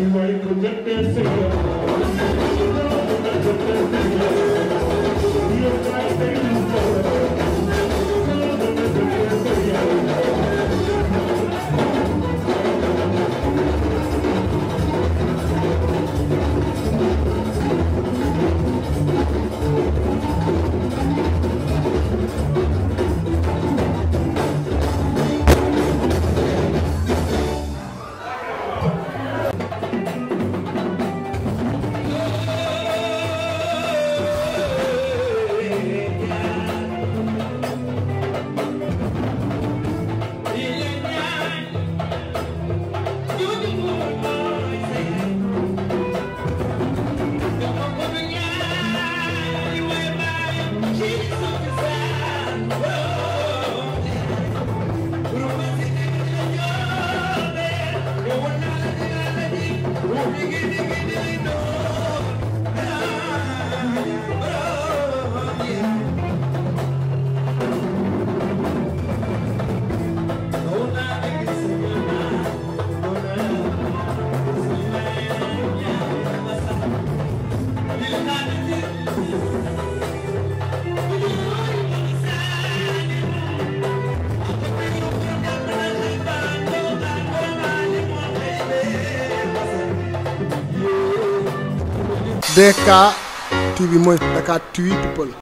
You're my baby. DK TV mooy Dakar TV people